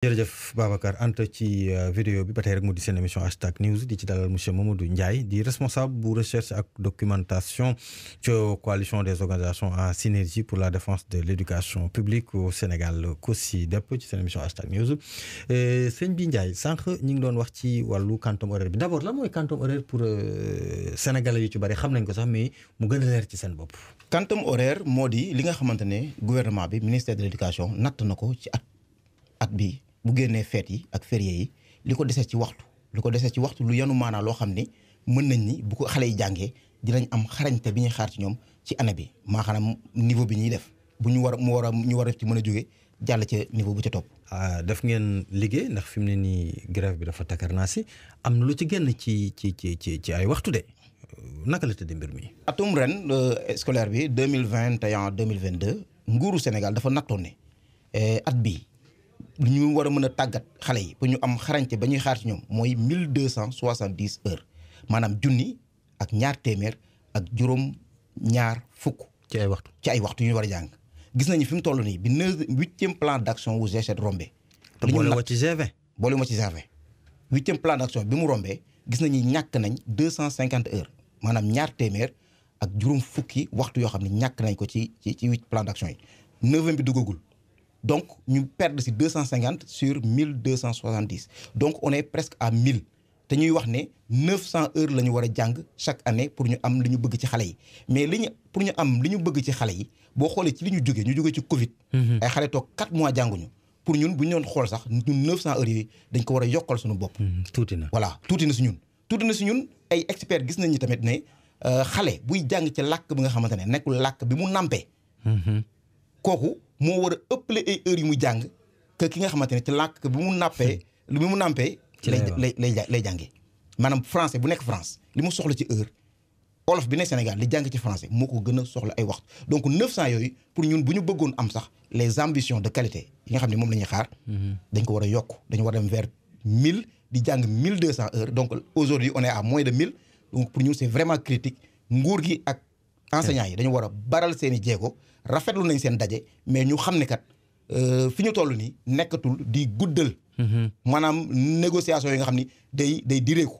jërëjëf Babacar Anta ci euh, vidéo bi ba tey rek mu di seen émission hashtag news di ci dalal monsieur Mamadou Ndiaye di responsable bu recherche ak documentation ci coalition des organisations en synergie pour la défense de l'éducation publique au Sénégal COSYDEP ci seen émission hashtag news euh, sëñ bi Ndiaye sànq ñu ngi doon wax ci wàllu quantum horaire bi d'abord lan mooy quantum horaire pour euh, sénégalais yu ci bari xam nañ ko sax mais mu gën a leer ci seen bopp. quantum horaire moo di li nga xamante ne gouvernement bi ministère de l'éducation natt na ko ci at at bi bu génnee feet yi ak férié yi li ko desee ci waxtu lu ko dese ci waxtu lu yanu maanaa loo xam ni mën nañ ni bu ko xale yi jàngee dinañ am xarañte bi ñuy xaar ci ñoom ci année bi maa xanaa bi ñuy def bu ñu war a mu war a ñu war a ci mën a jóge jàll ca niveau bu ca topp. Ah, daf ngeen liggéey ndax fi mu ne nii grève bi dafa takkar naa si am na lu ci génn ci ci ci ci ci ay waxtu de naka la tëddee mbir mi. atum ren euh, scolaire bi deux mille vingt et un mille vingt deux nguuru Sénégal dafa nattoon ne euh, at bi lu ñu war a mën a tàggat xale yi pour ñu am xarañte ba ñuy xaar si ñoom mooy mille deux cent soixante dix heures maanaam junni ak ñaar téeméer ak juróom ñaar fukk. ci ay waxtu ci ay waxtu yu ñu war a jàng. gis nañu fi mu toll nii bi neuf huitième plan d' action wu G7 rombe. te boolewoo ci G20. ci G20 huitième plan d' bi mu rombee gis nañu ñàkk nañ deux cent cinquante heures maanaam ñaar téeméer ak juróom fukki waxtu yoo xam ne ñàkk nañ ko ci ci ci huit plan d' action yi neuvième bi duggagul. donc ñu perdre si deux cent cinquante sur mille deux cent soixante dix donc on est presque à mille te ñuy wax ne neuf cent heures la ñu war a jàng chaque année pour ñu am li ñu bëgg ci xale yi mais li ñu pour ñu am li ñu bëgg ci xale yi boo xoolee ci li ñu jógee ñu jógee ci Covid. Mm-hmm. ay xale toog quatre mois jànguñu. pour ñun bu ñu doon xool sax ñun neuf cent heures yooyu dañ ko war a yokkal suñu bopp. Mm-hmm. tuuti na voilà tuuti na si ñun. tuuti na si ñun ay experts gis nañ ni tamit ne euh, xale buy jàng ci làkk bi nga xamante ne nekkul làkk bi mu nampee. Mm-hmm. kooku moo war a ëppale ay heures yu muy jàng que ki nga xamante ne ci làkk bi mu nàppee bi mu nàmpee ci lay lay lay lay jàngee maanaam français bu nekk France li mu soxla ci heure olof bi ne Sénégal li jàng ci français moo ko gën a soxla ay waxtu donc 900 yooyu pour ñun bu ñu bëggoon am sax les ambitions de qualité yi nga xam ne moom la ñuy xaar. Mhm. dañ ko war a yokk dañu war a dem vers 1000 di jàng 1200 heures donc aujourd'hui on est à moins de 1000 donc pour ñun c'est vraiment critique nguur gi enseignants yi dañu war a baral seen i jéego rafetlu nañ seen daje mais ñu xam ne kat euh, fi ñu toll nii nekkatul di guddal. Mm-hmm. maanaam négociation yi nga xam ni day day direeku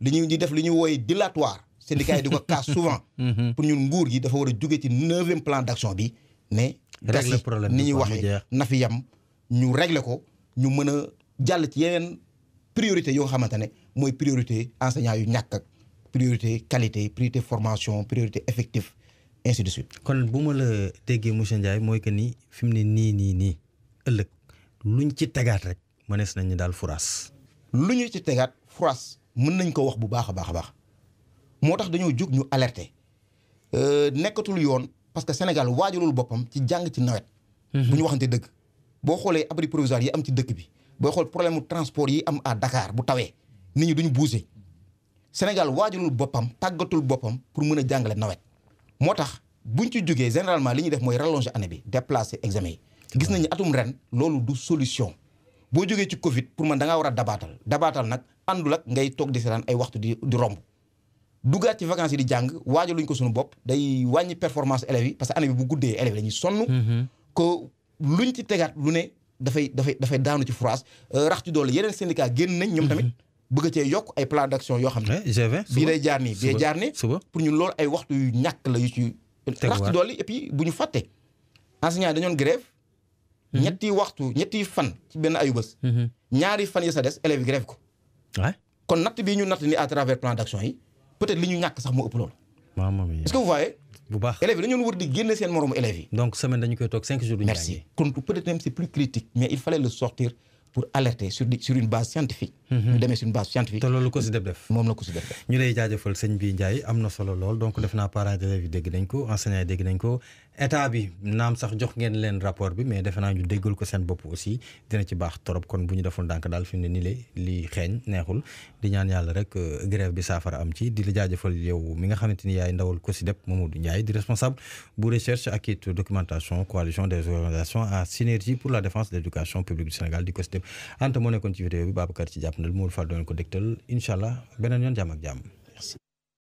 li ñuy di def li ñuy wooye dilatoire. syndicat yi di ko kaas souvent. Mm-hmm. pour ñun nguur gi dafa war a jóge ci neuvième plan d' action bi ne. régler problème ni ñuy waxee na fi yam ñu régler ko ñu mën a jàll ci yeneen priorité yoo nga xamante mooy priorité enseignants yu ñàkk priorité qualité priorité formation priorité effectif ainsi de suite. kon bu ma la déggee monsieur Ndiaye mooy que ni fi mu ne nii nii nii ëllëg luñ ci tegaat rek mënees nañu daal furaas. lu ñu ci tegaat furaas mën nañ ko wax bu baax a baax a baax moo tax dañoo jóg ñu alerter euh, nekkatul yoon parce que Sénégal waajalul boppam ci jàng ci nawet. Mhm. bu ñu waxante dëgg. boo xoolee abri provisoire yi am ci dëkk bi boo xool problème transport yi am a Dakar bu tawee nit ñi duñu bouger Sénégal waajalul boppam tàggatul boppam pour mën a jàngale nawet moo tax buñ ci jógee généralement li ñuy def mooy rallonger année bi déplacer examen yi gis nañu atum ren loolu du solution boo jógee ci Covid pour man danga war a dabaatal dabaatal nag àndul ak ngay toog di seetaan ay waxtu di di romb dugaat ci vacances yi di jàng waajaluñ ko suñu bopp day wàññi performance élèves yi parce que année bi bu guddee élèves dañuy sonn ko lu ñu ci tegaat lu ne dafay dafay dafay daanu ci France euh, rax ci doole yeneen syndicat génn nañ ñoom tamit mm-hmm. bëgg cee yokk ay plan d'action yoo xam ne. G20 bii lay jaar nii bii lay jaar nii. pour ñun loolu ay waxtu yu ñàkk la yu ci. rax ci dolli et puis bu ñu fàtte. enseignants yi dañoon grève. Mhm. ñetti waxtu ñetti fan ci benn ayubés. Mhm. ñaari fan yi sa des élèves yi grève ko. kon natt bii ñu natt ni à travers plan d'action yi peut-être li ñu ñàkk sax moo ëpp loolu. est-ce que vous voyez. bu baax élèves yi dañoon wër di génne seen moromu élèves yi. donc semaine dañu koy toog cinq jours. du ñu merci kon peut-être même c'est plus critique mais il fallait le sortir pour alerter sur sur une base scientifique ñu mhm. demee suñu ko si def def moom la ko si def def. am na solo lool donc def naa parents dégg nañ ko enseignants dégg nañ ko état bi naam sax jox ngeen leen rapport bi mais defe naa ñu xeeñ neexul di ñaan yàlla rek euh, grève bi saafara am ci di la jaajëfal yow mi nga xamante ni yaay ndawal ko si def Mamadou Ndiaye di responsable bu recherche ak documentation coalition des organisations à synergie pour la défense de l'éducation publique du Sénégal àndal Mourou Fall doon ko dégtal incha allah beneen yoon jàmm ak jàmm